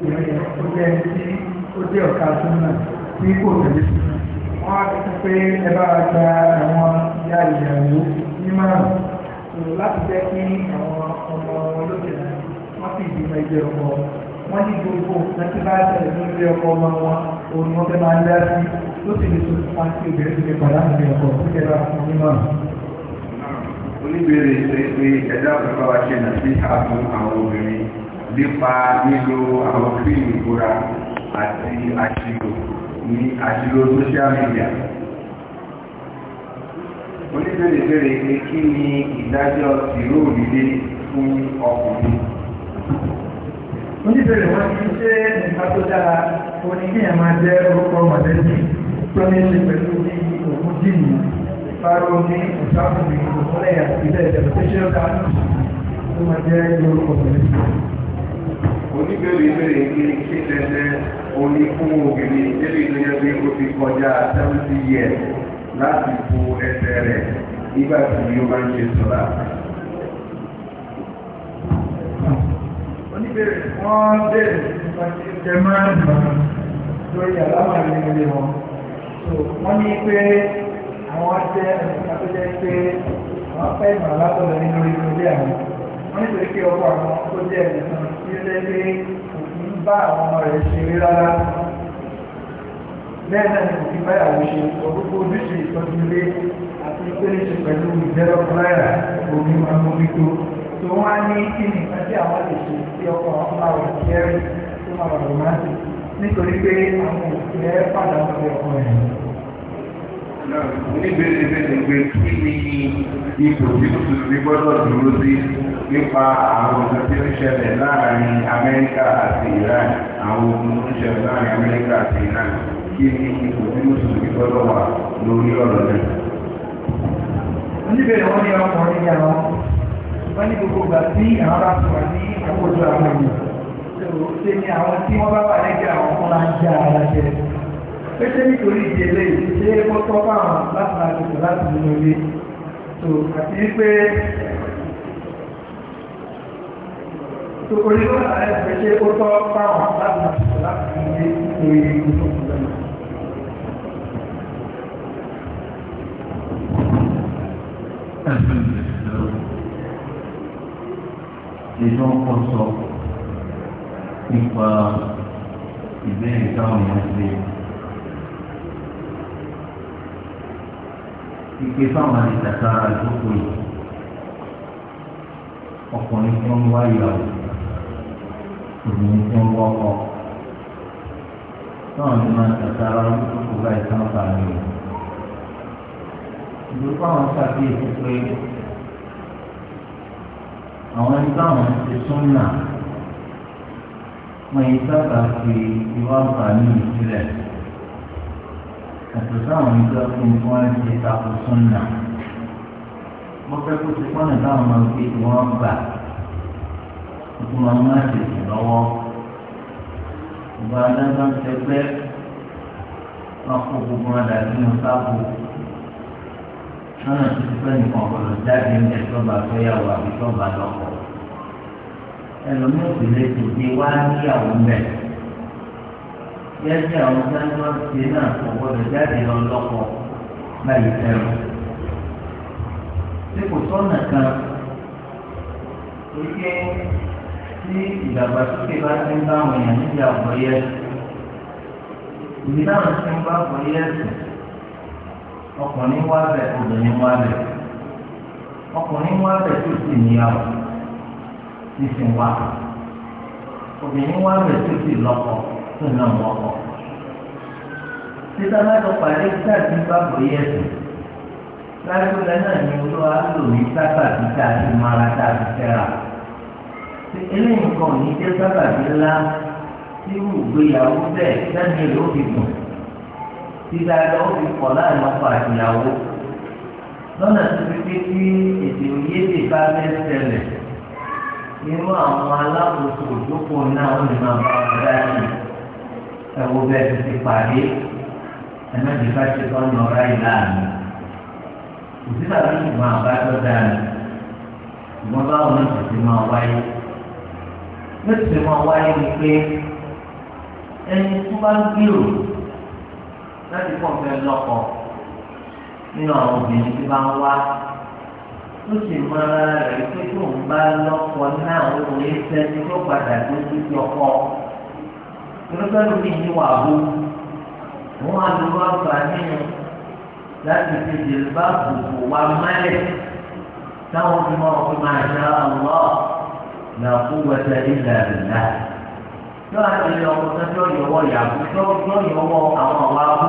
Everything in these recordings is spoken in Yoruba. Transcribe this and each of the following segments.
ó jẹ́ tí ó jẹ́ ọ̀ká súnmọ̀ tí kò tẹ̀lé súnmọ̀ wọ́n á ti pé ẹ bá gba àwọn ìyá ìyàwó nímọ̀ràn láti jẹ́ kí àwọn ọmọ olóbìnrin wọ́n sì gbìmọ̀ ẹgbẹ́ ọkọ wọ́n ní gbogbo nǹkan tí bá tẹ̀lé lórí ọkọ ọmọ wọn ni wọ́n fẹ́ máa ń dá sí ló sì lè sọ fún àti obìnrin tó oníbèrè ṣe pé ẹ̀dá àpapọ̀ wa ṣe nà sí ààbò àwọn obìnrin nípa lílo àwọn fíìmù ìbúra àti àṣìlò ní àṣìlò social media oníbẹ̀rẹ̀bẹ̀rẹ̀ pé kí ni ìdájọ́ ìró òrìlé fún ọkùnrin oníbẹ̀rẹ̀ wọ́n ti ṣe nǹkan tó dára oní kí ẹ̀ máa jẹ́ orúkọ mọ̀lẹ́bí tó ní ṣe pẹ̀lú bí òkú jìnnì fáró ní òṣàkùnrin òkúlẹ̀ àti ilẹ̀ ìjọba tó ṣe ó dáa tó máa jẹ́ orúkọ mọ̀lẹ́bí oníbèrè ìbéèrè ní che tẹ́tẹ́ oní fún obìnrin ìdílé tó yẹ pé ó ti di seventy years láti bo ẹsẹ̀ rẹ̀ nígbà tí ó máa ń ṣe sọ́ra. oníbèrè wọ́n bèrè nípa tí ó jẹ máa ń mọ̀ lórí àlámàlì ilé wọn. wọ́n ní pé àwọn jẹ́ ẹ̀ka tó jẹ́ pé àwọn fẹ́ ìmọ̀ látọ̀lẹ́ nínú ilé àwọn. wọ́n jẹ́ pé kò kí ń bá àwọn ọmọ rẹ̀ ṣeré rárá lẹ́yìn náà ni kò kí ń báyàwó ṣe ọgbogbo ojúṣe ìtọ́jú ilé àti ìpele ṣe pẹ̀lú ìjẹ́lọ́pọ̀ náírà omi máa ń mójútó tó wọ́n á ní kí ni nǹkan tí àwọn lè ṣe sí ọkọ̀ àwọn máa wà kẹ́rì tó máa wà lọ́mọ́tì nítorí pé àwọn òṣèré padà ń fi ọkọ̀ rẹ̀. oníbèrè bèrè pé kí ni ipò tí mùsùlùmí gbọ́dọ̀ dúró sí nípa àwọn ọ̀nà tí ó ń ṣẹlẹ̀ láàrin amẹ́ríkà àti iran àwọn ogun tó ń ṣẹlẹ̀ láàrin amẹ́ríkà àti iran kí ni ipò tí mùsùlùmí gbọ́dọ̀ wà lórí ọ̀rọ̀ náà. oníbẹ̀rẹ̀ wọ́n ní ọkùnrin ní àwọn wọ́n ní gbogbo ìgbà tí àwọn bá sọ̀rọ̀ ní àkójọ àwọn ènìyàn ṣe ni àwọn tí wọ́n bá wà lẹ́gbẹ̀ẹ́ àwọn kan máa ń já ara jẹ pété nítorí ìdílé ṣe é kọ́kọ́ fáwọn láti máa tètè láti nínú ilé àti wípé tó orí ló náà ẹ̀ pé ṣé ó tọ́ fáwọn láti máa ṣe láti ilé ìwé ìgbésọ̀ ìgbésọ̀ Ìjọ ń kọ́ sọ nípa ìbéèrè táwọn èèyàn àti tàtàrà ìjókòó ọkùnrin tó ń wá ìyàwó obìnrin tí ń wọ́kọ̀ náà ni máa tẹ̀sẹ̀ ara wọn tó kù láì tán sàmì o. ìlú fáwọn ṣàkíyèsí pé àwọn ẹni táwọn ti súnmà wọn yìí sábà fi ìwà àǹfààní ìsílẹ̀ àti táwọn ìjọ fún un fún ẹni tí takò súnmà. mo fẹ́ kó ti pọ́nà táwọn máa ń fi ìwà àǹfààní gbogbo wọn máa tètè lọ́wọ́ gbogbo adájọ́ ń tẹgbẹ́ wọn kó gbogbo wọn dà sínú sáàbù lọ́nà tó ti pẹ́ nìkan ọ̀gbọ̀dọ̀ jáde ń tẹ̀ tọ́ba fẹ́yàwó àbí tọ́ba lọ́kọ̀ ẹlòmíì ò sì lè tètè wá níyàwó mẹ́ yẹ́sẹ̀ àwọn sáńtọ́ ṣe náà ọ̀gbọ̀dọ̀ jáde lọ lọ́kọ̀ báyìí fẹ́ràn tí kò sọ́nà kan tó yẹ tí ìdàgbàsókè bá ti ń bá àwọn èèyàn níbi àgbọ̀yé ẹ̀sìn ìdí táwọn ti ń bá àgbọ̀yé ẹ̀sìn ọkùnrin wá bẹ̀ obìnrin wá bẹ̀ ọkùnrin wá bẹ̀ tó sì níyàwó ti sì wá obìnrin wá bẹ̀ tó sì lọ́kọ tó nà wọ́kọ títa mẹ́tọ́ pàdé títa ti ń bá àgbọ̀yé ẹ̀sìn láti ọ̀gá náà ni olúwa lò ní sábà títa ti mára tá a ti fẹ́ra ilé nǹkan yìí jẹ́ sábàbí ńlá irú ìgbéyàwó bẹ́ẹ̀ sẹ́ni ló fi dùn títa ló fi pọ̀ láàrin ọkọ àtìyàwó lọ́nà tó fi pé kí èdè òyédè bá fẹ́ ṣẹlẹ̀ nínú àwọn alákòóso òjókòó náà ó lè máa bá wọn dáhùn ẹ̀wọ́ bẹ́ẹ̀ ti ti pàdé ẹ̀mẹ́jì bá ti tọ́ ní ọ̀rá ìlànà òsínbàbí ìgbọ̀n àbájọ́ dáhùn ìgbọ́n báwọn náà ti ti máa wáyé mẹ́tìrì máa wáyé ni pé ẹni tó bá ń gbèrò láti pọ̀ fẹ́ lọ́kọ nínú àwọn obìnrin tó bá ń wá ó sì máa rẹ̀ pé tó ń bá lọ́kọ náà ó lè sẹ́ni tó padà lójú sí ọkọ irúfẹ́ lómi yìí wà bó wọ́n á lo wáfà nínú láti fi jèrè bá gbogbo wa mọ́lẹ̀ táwọn fi máa fi máa ṣá ọ̀lọ́ la quwwata illa billah yóò á ti lọ ọkùnrin tó yọwọ́ yàgò tó yọwọ́ àwọn ọ̀wá kú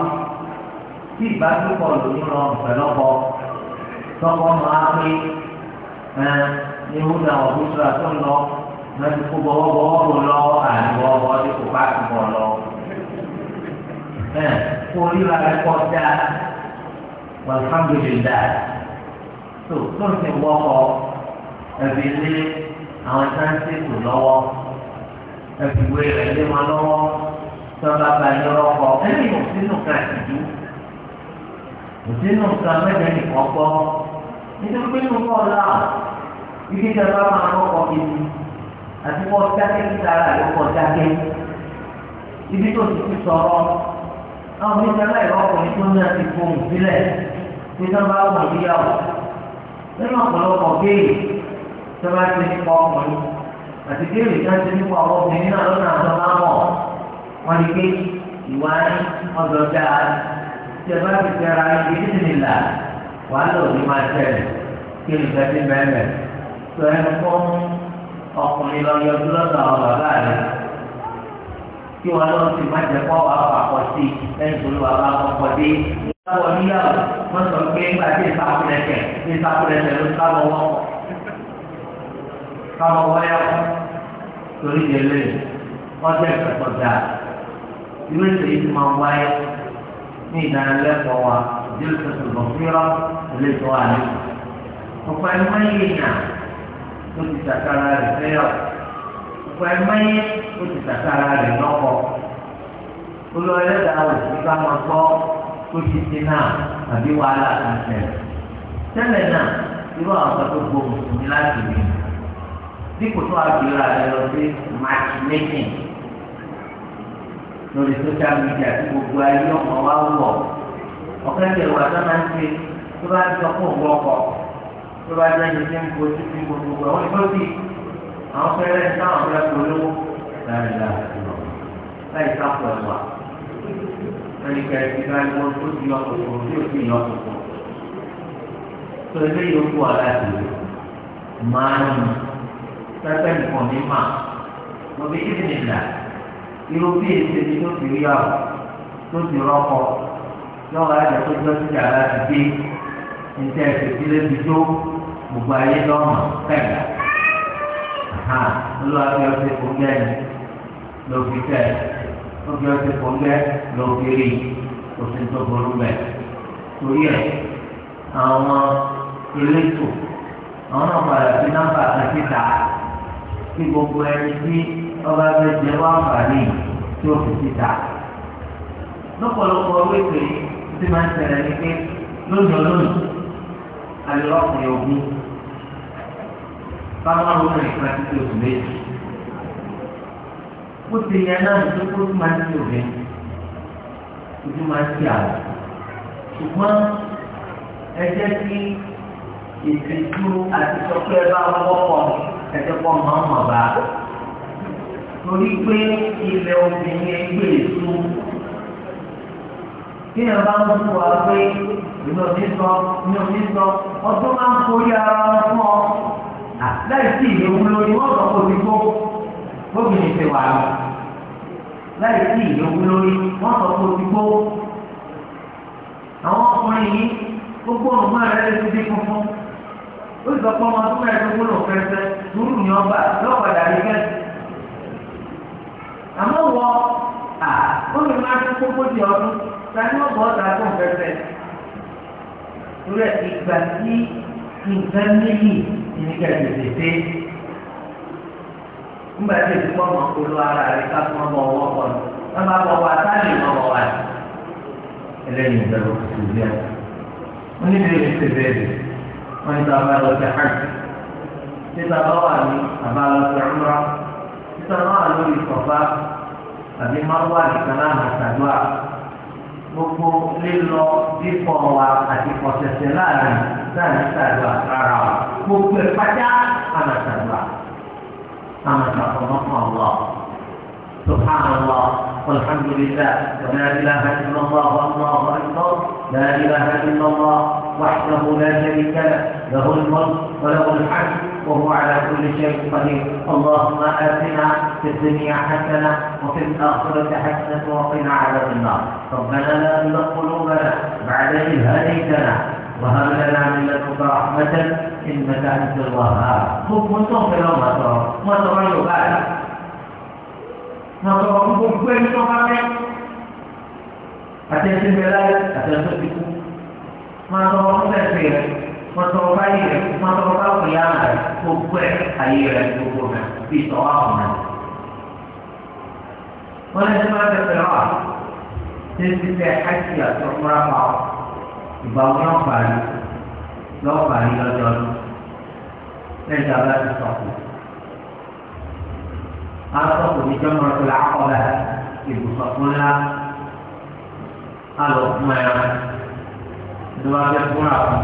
tí ìbádùkọ̀ lòún lọ pẹ̀lọ́pọ̀ tọkọ máa pé ẹ ewu náà ọ̀hún sọ àtọ́ lọ lọ́dún kó bọ́wọ́bọ́wọ́ bò lọ àìwọ́ ọdí kò bá ti bọ̀ lọ. ẹ kó ríra rẹ kọ́ dáa wàlúfàmùlẹ̀ dáa tó tó ń ti wọ́kọ̀ ẹ̀bí lé àwọn sáńsìkù lọ́wọ́ ẹ̀fìwé rẹ̀ lé wọn lọ́wọ́ sọ́ba balẹ̀ ọkọ̀ ẹ̀mí kò sínú ká ìdú kò sínú ká mẹ́jẹ nìkan gbọ́ nítorí pé nínú kọ́ ọ̀la ibi tí a bá máa lọ́kọ̀ kìíní àti wọ́n dákẹ́ kí ara rẹ̀ kọ́ dákẹ́ ibi tó ti fi sọ̀rọ̀ àwọn oníṣẹ́ láì lọ́kùnrin tó ní àti fohùn sílẹ̀ tí wọ́n wọ̀ níyàwó nínú ọ̀pọ̀lọpọ̀ géèyì tó bá ti nípa ọkùnrin àti bí èrè kan ti nípa àwọn obìnrin náà lọ́nà àtọ́ máa mọ̀ wọ́n ní pé ìwà ní ọ̀dọ̀ dáa tí ẹ bá ti tẹ̀ra ibi tí nìyí là wàá lò ní máa tẹ̀lé kí èrè kan ti bẹ̀rẹ̀ tó ẹnu fún ọkùnrin lọ yọjú lọ́dọ̀ àwọn bàbá rẹ̀ kí wọn lọ sí má jẹ kó wàá fà sí lẹ́yìn tó lọ wàá kọ kọ dé ìgbà wọlé yàrá wọn sọ pé ńgbà tí ìsàkúrẹsẹ ìsàkúrẹsẹ ló sábọ wọn káwọn wáyà torí ìdílé ọjọ́ ìfẹ́kọ̀ dáa irú ìṣèyí ti máa ń wáyé ní ìdánilẹ́kọ̀ọ́ wa ìdílé tuntun lọ fírọ́ ilé tó wà ní. ọ̀pọ̀ ẹni máa ń yé èèyàn ló ti tàkàrà rẹ̀ fẹ́yọ̀ ọ̀pọ̀ ẹni máa ń yé ló ti tàkàrà rẹ̀ lọ́kọ̀. olú ẹlẹ́dàá rẹ̀ ti bá wọn gbọ́ tó ti ti náà tàbí wàhálà kan tẹ̀lé. tẹ́lẹ̀ náà irú àwọn dípò tó àgbèrè rẹ lọ sí matchmaking lórí social media tí gbogbo ayé ọmọ wa wọ̀ ọ̀kẹ́ tẹ̀ wá sọ́nà ń ṣe tó bá ti sọ fún òun ọkọ̀ tó bá jẹ́ ẹni tí ń bo títí gbogbo àwọn ìgbọ́sí àwọn fẹ́rẹ́ táwọn fẹ́rẹ́ polówó láàrin láàrin lọ láì sáfù ẹ̀wà ẹni kẹrin ti ká ẹ̀wọ̀n tó ti yọ kòkòrò tí ò sì yọ kòkòrò tó ilé yòókù ọ̀la ti máa ń yìn pẹ́pẹ́ nìkan ní mà wọ́n fi kí ni là irú bí èsì ni tó ti rí àwọ̀ tó ti rọ́kọ lọ́wọ́ àjà tó gbọ́ sí yàrá ti dé níta ẹ̀sẹ̀ tí lè fi tó gbogbo ayé lọ́mọ pẹ̀lá olúwa fi ọ̀sẹ̀ kò gbẹ́ni ló fi tẹ̀ ó fi rí òsì tó burú bẹ̀ torí ẹ̀ àwọn elétò àwọn náà padà sí nọ́mbà kan síta kí gbogbo ẹni tí ọba fẹ́ jẹ wá àǹfààní tí ó fi síta. lọ́pọ̀lọpọ̀ owó ètò yìí ti máa ń tẹ̀lé ní pé lónìí olónìí alẹ́rọ́kùnrin ogun báwọn olórin kan ti oṣù méjì. ó ti yẹ náà nítorí pé ó máa ń ti òbí ojú máa ń ti àlọ́. ṣùgbọ́n ẹ jẹ́ kí ìtìjú àti sọ́kẹ́ bá wọ́pọ̀ mi ẹjọ́ pọ̀ mọ́ ọmọ bá torí pé ilẹ̀ obìnrin ẹgbẹ́ èso kí ni ọba ń fún wa pé ìlú onísọ ní onísọ ọdún máa ń forí ara wọn fún ọ láì sí ìlú olórí wọn sọ fún òdìgbò gómìnà ìfẹ́ wà lọ láì sí ìlú olórí wọn sọ fún òdìgbò àwọn ọkùnrin yìí gbogbo ọ̀nà máa rẹ̀ lè funfun ó sì sọ pé ọmọ ọdún mẹ́ẹ̀ẹ́dógún lòún fẹ́ fẹ́ sùúrù ni ọba lọ́kọ̀dà rí fẹ́. àmọ́ wọ à ó lè máa tún kókó di ọdún sani wọ́n bọ̀ ọ́ta tó ń fẹ́fẹ́. rẹ̀ ìgbà tí nǹkan méjì ìníkà tètè dé. nígbà tí èdè pọ̀ mọ́ kó ló ara rẹ̀ ká fún ọmọ ọwọ́ pọ̀ ní. wọ́n máa bọ̀ wá sáàlì mọ́ wọ́n wá. ẹlẹ́yin ìgbà ló sí ilé wọ́n ní bèrè ṣe bẹ́ẹ̀ wọ́n ní bá wà lọ́sẹ̀ hàn. nígbà bá wà ní àbálọ́sẹ̀ ọmọrá nígbà bá wà lórí ìfọ̀fá tàbí máa wà nìkan láàmú àtàdúrà gbogbo lílọ bífọ̀ wa àti pọ̀sẹ̀sẹ̀ láàrin láàrin àtàdúrà rárá o gbogbo ẹ̀ pátá àmà àtàdúrà àmà àtàkọ̀mọ́kọ̀ ọ̀lọ́ سبحان الله والحمد لله ولا إله إلا الله والله أكبر لا إله إلا الله وحده لا شريك له له الملك وله الحمد وهو على كل شيء قدير اللهم آتنا في الدنيا حسنة وفي الآخرة حسنة وقنا عذاب النار ربنا لا تزغ قلوبنا بعد إذ هديتنا وهب لنا من لدنك رحمة إنك أنت الوهاب خذ منتم في ترى ما ترى يبالي ما ترى منتم في الأمة أتيت البلاد ما ترى منتم في mọtọba yi rẹ mọtọba wuya rẹ gbogbo ẹ ayé rẹ gbogbo rẹ fi tọwa ọmọ wọn lè sọ ẹsẹ pẹ̀lú wa ṣé sísẹ àti àtọkùnrin apá ìgbà wọn náà parí lọ parí lọ́jọ́ ọdún lẹ́yìn tí a bá ti sọkù asọkù ní jọmọ tó la kọ bẹ ibùsọ fún la alọ fún ẹ rẹ ìdúrà bẹ fún ra fún.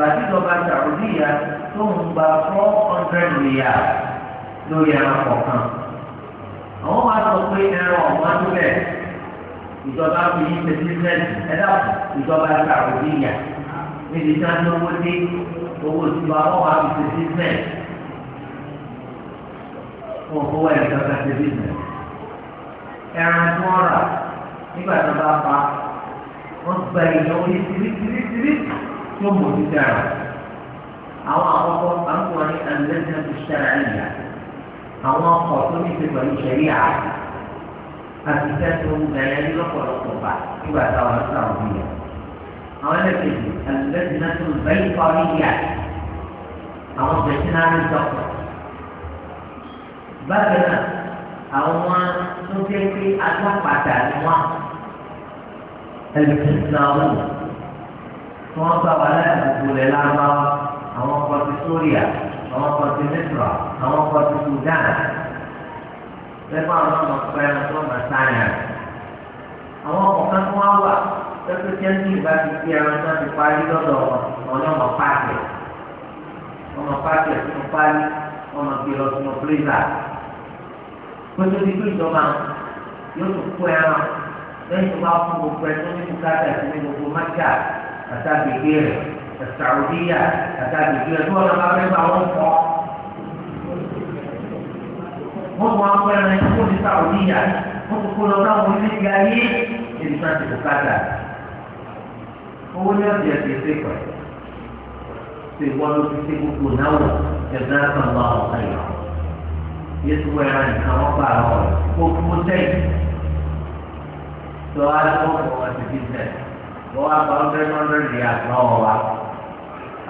gbàdúgbà sàrúdìyà tó ń gba four hundred million lórí ẹran kọ̀ọ̀kan. àwọn máa sọ pé ẹran ọ̀gbọ́n níbẹ̀ ìjọba fi yí ṣe bísíǹnẹ̀sì ẹ̀dá ìjọba sàrúdìyà níbi tí wọ́n lówó dé owó ìtura wọn máa fi ṣe bísíǹnẹ̀sì. wọn kó wá ìjọba ṣe ẹran tí wọ́n rà nígbà tí wọ́n bá pa wọ́n gba ìyẹn orí ثم الكتاب أو أعرف أنظر اللجنة الشرعية أو أعرف في شريعة أكتاتهم بيان لقر القربة يبقى دورة سعودية أو لكن اللجنة البيطرية أو بيتنا عن الدكتور بابنا أو سوكيكي أتوقع تعلمها الكتاب tí wọ́n bá wà láyà gbogbo rẹ̀ lárúbáwá àwọn ọkọ̀ ti sóríà àwọn ọkọ̀ ti mísírà àwọn ọkọ̀ ti sudan lẹ́gbọ́n àwọn ọmọ pẹ́ẹ́rẹ́ tó máa sáyà àwọn ọkọ̀ kan tó wá wà pẹ́pẹ́ tí ẹni ìbá ti fi ẹran náà ti parí lọ́dọ̀ ọ̀nà ọmọ páàkì ọmọ páàkì ẹ̀sìn parí ọmọ gbé lọ sínú pírísà pẹ́pẹ́ tí ìjọba yóò tún kó ẹran lẹ́yìn tó bá fún gbogbo ẹ̀ أتى بكير السعودية أتى بكير دول الأرض معروفة هم أقول أن يكون السعودية هم يقولوا لهم من جاهل إنسان تبكاتا هو يرد يتسيقه سيقول تسيقه نور جزاك الله خيرا يسوى يعني كربا هو وكمتين سؤال أول هو تجد ذلك wọ́n wá gba ọ̀dọ́ ní ní àgbà ọ̀wà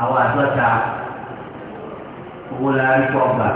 àwọn àdọ́ta owó la rí fọ́